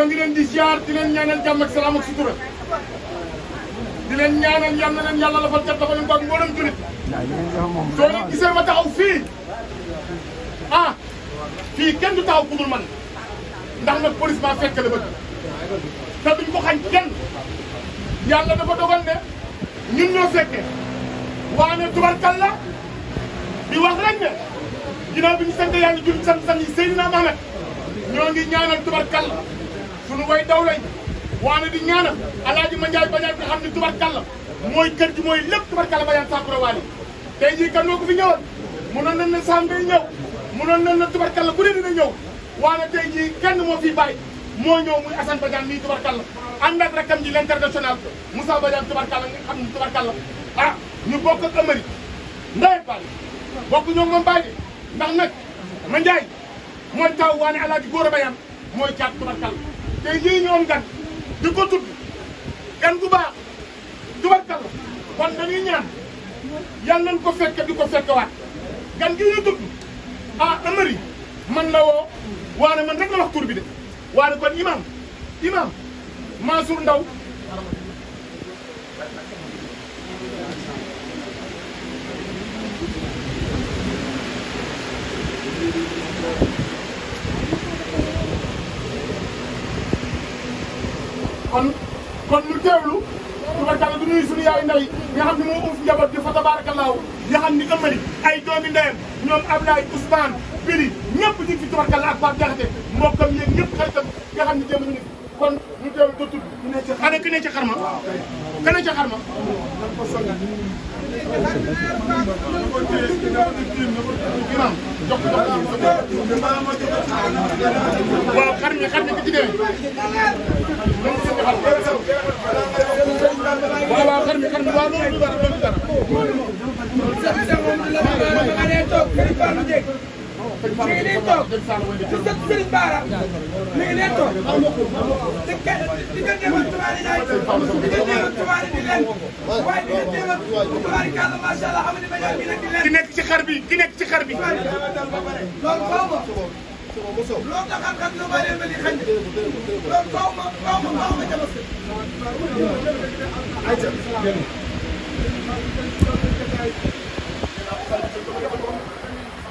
ñoo ngi leen di ziar di leen ñaanal jàmm ak sutura di leen ñaanal yal na yàlla la fal cat dafa leen ko ak mboolem julit soo leen gisee ma taxaw fii ah fii kenn du taxaw ku dul man ndax nag police maa fekk la bëgg te duñ ko xañ ne ñun fekke waane tubarkal la di wax rek ne ginnaaw bi ñu sant yàlla jul sant sant yi Seydina Mohamed ñoo ngi ñaanal tubarkal la sunu way daw lañ waane di ñaanal alaaji Mandiaye Badiane nga xam ne tubarkalla mooy kër gi mooy lépp tubarkalla Badiane Sakura waane tey jii kan noo ko fi ñëwoon mënoon nañ na Sane bay ñëw mënoon nañ na tubarkalla ku ne dina ñëw waane tey jii kenn moo fi bàyyi moo ñëw muy Assane Badiane nii tubarkalla ànd ak rakam ji l'international Moussa Badiane tubarkalla a xam ne tubarkalla ah ñu bokk a Amari Ndeye Bally bokk ñoo moom Baye de ndax nag Mandiaye mooy taw waane alaaji Gora Badiane mooy caat tubarkalla te yii ñoom gan di ko tudd gan gu baax tubarkal kon dañuy ñaan yal nañ ko fekke di ko fekkewaat gan gi ñu tudd ah amari man la woo waane man rek la wax tur bi de waane kon imam imam Mansour Ndaw kon kon ñu teewlu tubarkalla du nuyu suñu yaay ndey nga xam ne njaboot gi fa tabaarakallaahu nga xam ni ëmmali ay doomi ndeyam ñoom Ablaye Ousmane Biri ñëpp ñu ngi fi tubarkalla ak Pape Diakhaté mbokkam yeeg ñëpp xaritam nga xam ne démb ñu ngi kon ñu teewlu dootul. ñu ne ci xarma ana ki ne ci xarma. waaw waaw xar mi xar mi bi ci dee. waaw waaw xar mi xar mi waaw loolu du dara loolu du dara. mi ngi nii toog sëñ Serigne Bara mi ngi leen toog di ka di nga dem ak tubaari ñaari di nga dem ak tubaari di leen waaye di nga dem ak tubaari kàlla macha allah xam ne ma ñaar gi nag di leen. ki nekk ci xar bi ki nekk ci xar bi. loolu faaw ma loolu tax xam-xam lu ma leen mel ni xañ loolu faaw ma faaw ma faaw ma jabaste. ayca.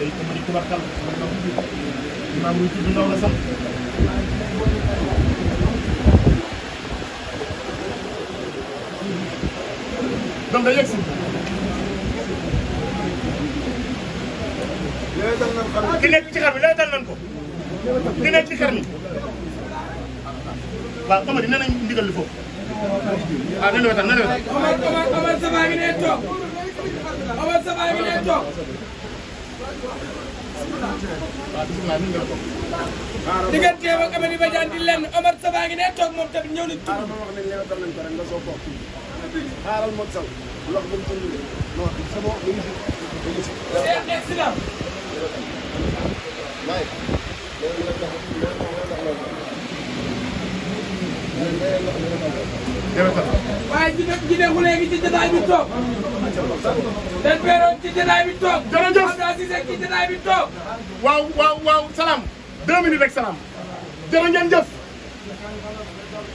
day ko mën a tubarkal mën na ko ji imaam lu tudd ndaw la sax. donc day yegg si. ki nekk ci xar bi lay dal nan ko. ki nekk ci xar mi. waaw xam nga dina nañ ndigal li foofu. ah nan la wetal nan la wetal. Omar Omar Omar Saba ngi ne toog Omar Saba ngi ne toog. digganteem ak Amady Badiane di lenn Omar Saba ngi ne toog moom tamit ñëw nañ tudd. wax nañ leen tam nañ ko rek nga soo ko xaaral moog saw lox bu mu tund non sa bopp mi ngi si mi ngi si. accident. waaye jide jide ku léegi ci jotaay bi toog. den peeroon ci jotaay bi toog. waaw waaw waaw salaam. deux minutes rek salaam. jërë ngeen jëf.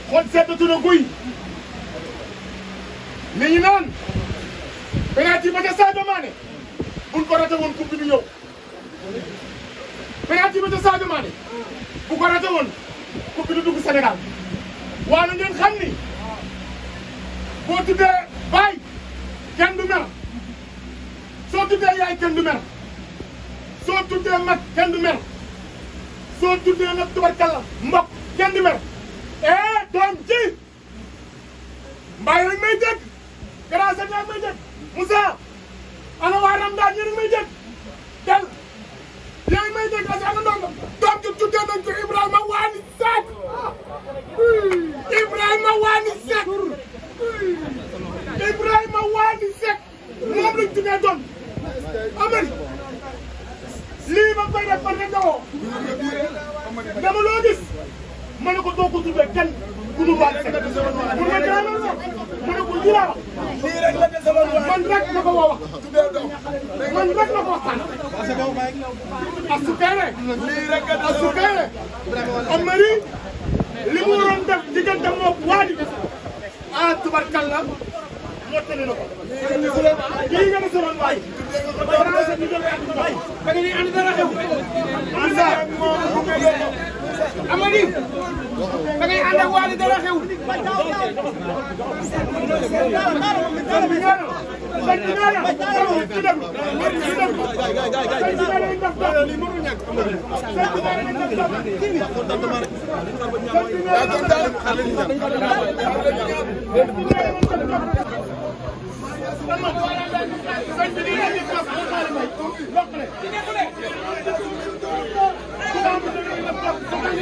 xool seetlu na guy. li ñu naan. penalty ba ca Sadio Mané. buñ ko raté woon coupe bi du ñëw. penalty ba ca Sadio Mané. bu ko raté woon coupe bi du dugg Sénégal. waaye ngeen xam ni. boo tuddee baay kenn du mer soo tuddee yaay kenn du mer soo tuddee mag kenn du mer soo eh, doom ji mbaay rek may dégg grâce ak may dégg Moussa ana waa Ramdaan ñu rek may dégg del yéen doom ji tuddee nañ ko Ibrahima waani saak laa wax. lii rek la dese woon waaye. man rek la ko woo wax. tuddee doom man rek la ko waxtaan. Astou Péré. lii rek la Astou Péré. Amary li mu waroon def diggante moom waa di def ah tubarkalla mottali na ko. lii nga dese woon waaye. da nga ni ànd dara xew. ànd Amady da ngay ànd ak waa li dara xewul. Amady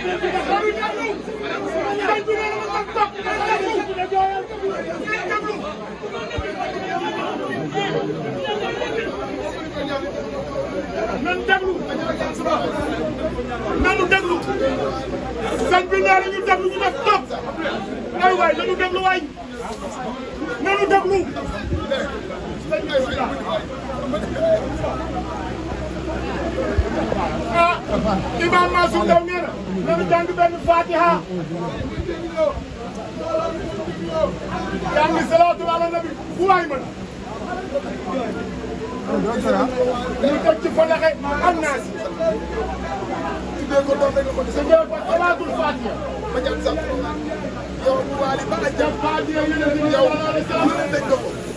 nan déglu nanu déglu sëñ bi nee na ñu déglu ñu def topp ay waay nanu déglu waay nanu déglu sëñ bi Imam Mansour Ndaw nee na nañu jàng benn Fatiha jàng salaatu ala nabi bu waay mën ñu teg ci falaxe am naa si tuddee ko doom rek ko tuddee ko salaatul Fatiha ba jàng sax yow bu waali ba a jàpp Fatiha yow yow yow yow yow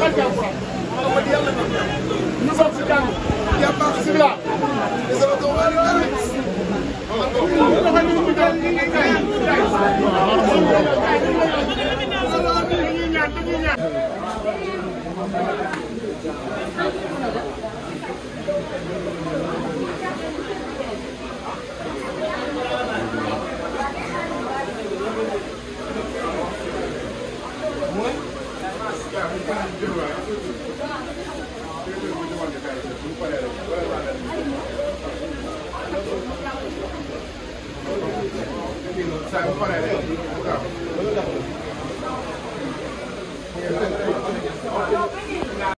barke alxuraan Muhammad yàlla na ñu soog si jàng yàlla si biir dafa saa bu paree rek